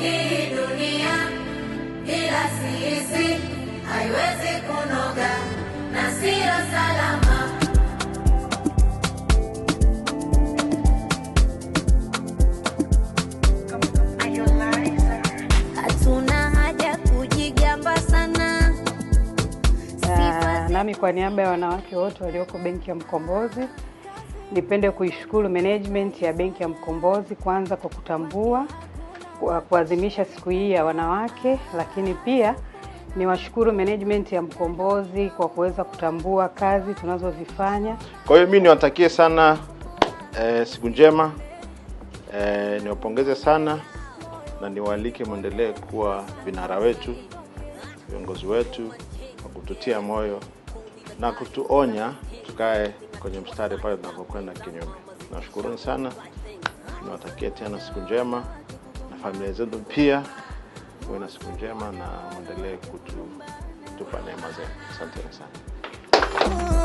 dunia haiwezi kunoga na salama. Ah, nami kwa niaba ya wanawake wote walioko Benki ya Mkombozi nipende kuishukuru management ya Benki ya Mkombozi kwanza kwa kutambua kuadhimisha siku hii ya wanawake, lakini pia ni washukuru management ya Mkombozi kwa kuweza kutambua kazi tunazozifanya. Kwa hiyo mimi niwatakie sana eh, siku njema eh, niwapongeze sana na niwaalike mwendelee kuwa vinara wetu, viongozi wetu wa kututia moyo na kutuonya tukae kwenye mstari pale tunapokwenda kinyume. Nashukuruni sana, niwatakie tena siku njema familia zetu pia. Uwe na siku njema na mwendelee kutupa neema zenu. Asanteni sana.